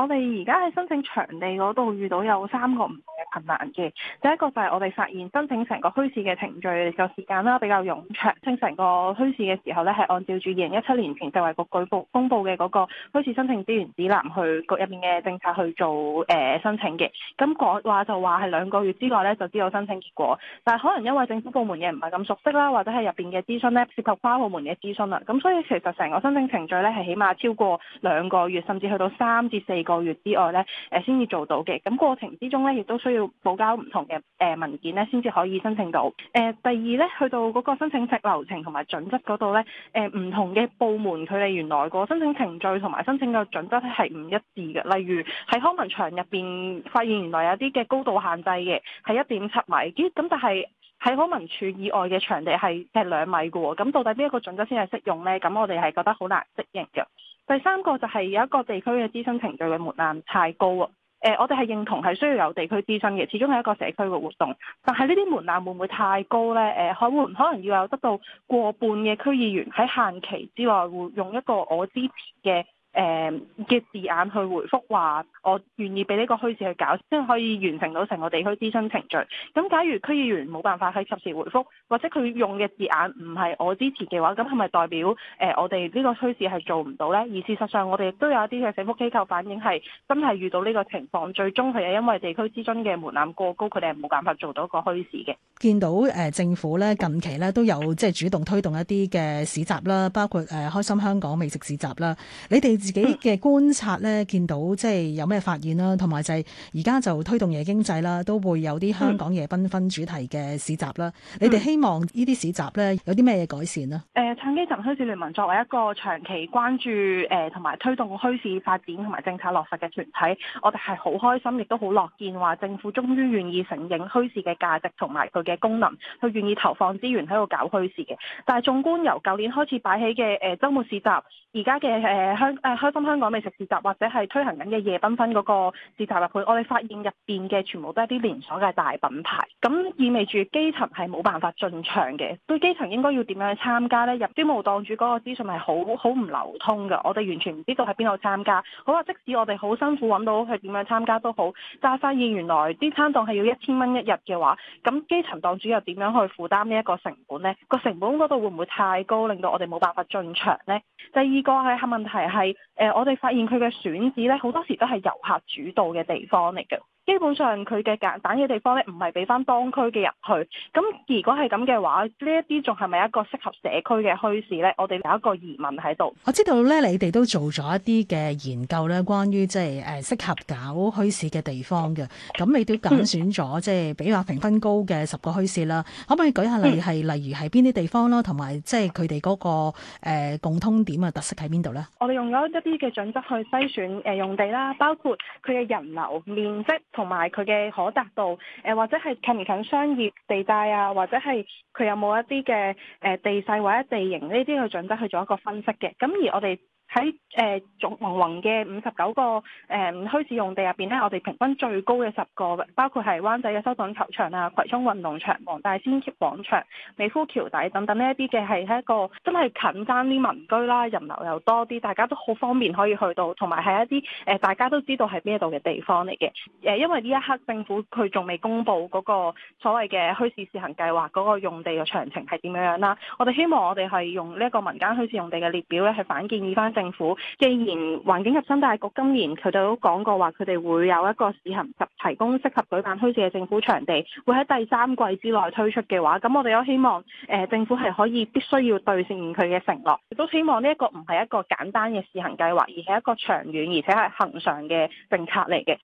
我哋而家喺申請場地嗰度遇到有三個唔同嘅困難嘅，第一個就係我哋發現申請成個墟市嘅程序嘅時間啦比較冗長，即係成個墟市嘅時候咧係按照住二零一七年財政委局舉報公佈嘅嗰個墟市申請資源指南去局入面嘅政策去做誒、呃、申請嘅，咁講話就話係兩個月之內咧就知道申請結果，但係可能因為政府部門嘅唔係咁熟悉啦，或者係入邊嘅諮詢咧涉及跨部門嘅諮詢啦，咁所以其實成個申請程序咧係起碼超過兩個月，甚至去到三至四個月之外呢，誒先至做到嘅。咁過程之中呢，亦都需要補交唔同嘅誒、呃、文件呢，先至可以申請到。誒、呃、第二呢，去到嗰個申請式流程同埋準則嗰度呢，誒、呃、唔同嘅部門佢哋原來個申請程序同埋申請嘅準則係唔一致嘅。例如喺康文場入邊發現原來有啲嘅高度限制嘅係一點七米，咦咁但係喺康文署以外嘅場地係係兩米嘅喎。咁到底邊一個準則先係適用呢？咁我哋係覺得好難適應嘅。第三個就係有一個地區嘅諮詢程序嘅門檻太高啊！誒、呃，我哋係認同係需要有地區諮詢嘅，始終係一個社區嘅活動。但係呢啲門檻會唔會太高呢？誒、呃，可會可能要有得到過半嘅區議員喺限期之內，會用一個我支持嘅，誒嘅、呃、字眼去回覆話，我願意俾呢個墟市去搞，即係可以完成到成個地區諮詢程序。咁假如區議員冇辦法喺及時回覆，或者佢用嘅字眼唔係我支持嘅話，咁係咪代表誒、呃、我哋呢個墟市係做唔到咧？而事實上，我哋亦都有一啲嘅社福機構反映係真係遇到呢個情況，最終佢係因為地區諮詢嘅門檻過高，佢哋係冇辦法做到個墟市嘅。見到誒、呃、政府咧近期咧都有即係主動推動一啲嘅市集啦，包括誒、呃、開心香港美食市集啦，你哋。自己嘅觀察咧，見到即係有咩發現啦，同埋就係而家就推動夜經濟啦，都會有啲香港夜繽紛主題嘅市集啦。嗯、你哋希望呢啲市集咧有啲咩嘢改善呢？誒、呃，撐基層墟市聯盟作為一個長期關注誒同埋推動墟市發展同埋政策落實嘅團體，我哋係好開心，亦都好樂見話政府終於願意承認墟市嘅價值同埋佢嘅功能，佢願意投放資源喺度搞墟市嘅。但係縱觀由舊年開始擺起嘅誒週末市集，而家嘅誒香。呃誒開心香港美食市集或者係推行緊嘅夜繽紛嗰個市集入去，我哋發現入邊嘅全部都係啲連鎖嘅大品牌，咁意味住基層係冇辦法進場嘅。對基層應該要點樣去參加呢？入邊無檔主嗰個資訊係好好唔流通㗎，我哋完全唔知道喺邊度參加。好啊，即使我哋好辛苦揾到佢點樣參加都好，但係發現原來啲餐檔係要 1, 一千蚊一日嘅話，咁基層檔主又點樣去負擔呢一個成本呢？個成本嗰度會唔會太高，令到我哋冇辦法進場呢？第二個係問題係。誒、呃，我哋發現佢嘅選址咧，好多時都係遊客主導嘅地方嚟嘅。基本上佢嘅揀揀嘅地方咧，唔係俾翻當區嘅入去。咁如果係咁嘅話，呢一啲仲係咪一個適合社區嘅墟市咧？我哋有一個疑問喺度。我知道咧，你哋都做咗一啲嘅研究咧，關於即係誒適合搞墟市嘅地方嘅。咁你都揀選咗即係比較評分高嘅十個墟市啦。可唔可以舉下例係，嗯、例如係邊啲地方啦，同埋即係佢哋嗰個、呃、共通點啊，特色喺邊度咧？我哋用咗一啲嘅準則去篩選誒用地啦，包括佢嘅人流、面積。同埋佢嘅可達度，誒或者係近唔近商業地帶啊，或者係佢有冇一啲嘅誒地勢或者地形呢啲去準則去做一個分析嘅，咁而我哋。喺誒總橫橫嘅五十九個誒墟市用地入邊呢我哋平均最高嘅十個，包括係灣仔嘅修頓球場啊、葵涌運動場、黃大仙廣場、美孚橋底等等呢一啲嘅，係一個真係近返啲民居啦，人流又多啲，大家都好方便可以去到，同埋係一啲誒、呃、大家都知道係邊度嘅地方嚟嘅。誒、呃，因為呢一刻政府佢仲未公布嗰個所謂嘅墟市試行計劃嗰個用地嘅詳情係點樣樣啦，我哋希望我哋係用呢一個民間墟市用地嘅列表咧，係反建議翻。政府既然環境及生態局今年佢哋都講過話，佢哋會有一個試行及提供適合舉辦墟市嘅政府場地，會喺第三季之內推出嘅話，咁我哋、呃、都希望誒政府係可以必須要兌現佢嘅承諾，亦都希望呢一個唔係一個簡單嘅試行計劃，而係一個長遠而且係恆常嘅政策嚟嘅。